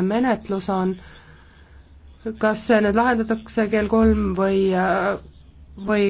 menetlus on, kas see nüüd lahendatakse kell kolm või, või